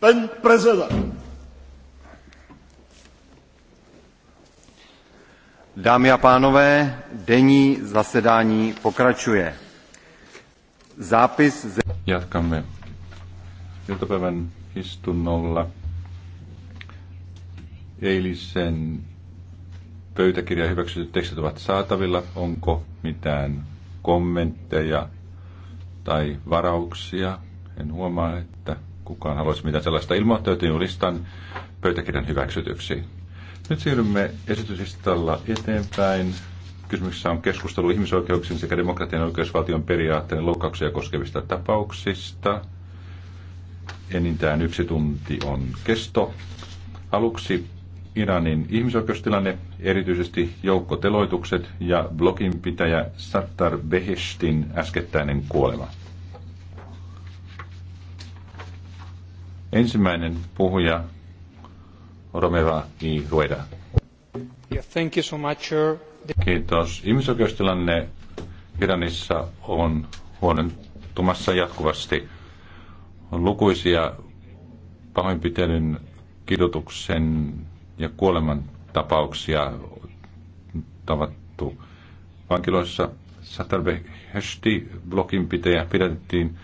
Pan prezident. Dámy a pánové, denní zasedání pokračuje. Zápis ze... Jatkamme iltapäivän istunnolla eilisen pöytäkirjan hyväksytyt tekstit ovat saatavilla. Onko mitään kommentteja tai varauksia? En huomaa, että kukaan haluaisi mitään sellaista ilmoittautua, julistan pöytäkirjan hyväksytyksi. Nyt siirrymme esityslistalla eteenpäin. Kysymyksessä on keskustelu ihmisoikeuksien sekä demokratian oikeusvaltion periaatteiden loukkauksia koskevista tapauksista. Enintään yksi tunti on kesto. Aluksi Iranin ihmisoikeustilanne, erityisesti joukkoteloitukset ja bloginpitäjä Sattar Beheshtin äskettäinen kuolema. Ensimmäinen puhuja Romeva I. Rueda. Yeah, thank you so much, sir. Kiitos. Ihmisoikeustilanne Iranissa on huonontumassa jatkuvasti. On lukuisia pahoinpitelyn, kidutuksen ja kuoleman tapauksia tavattu vankiloissa. Satarbe Hösti blokinpitejä pidettiin.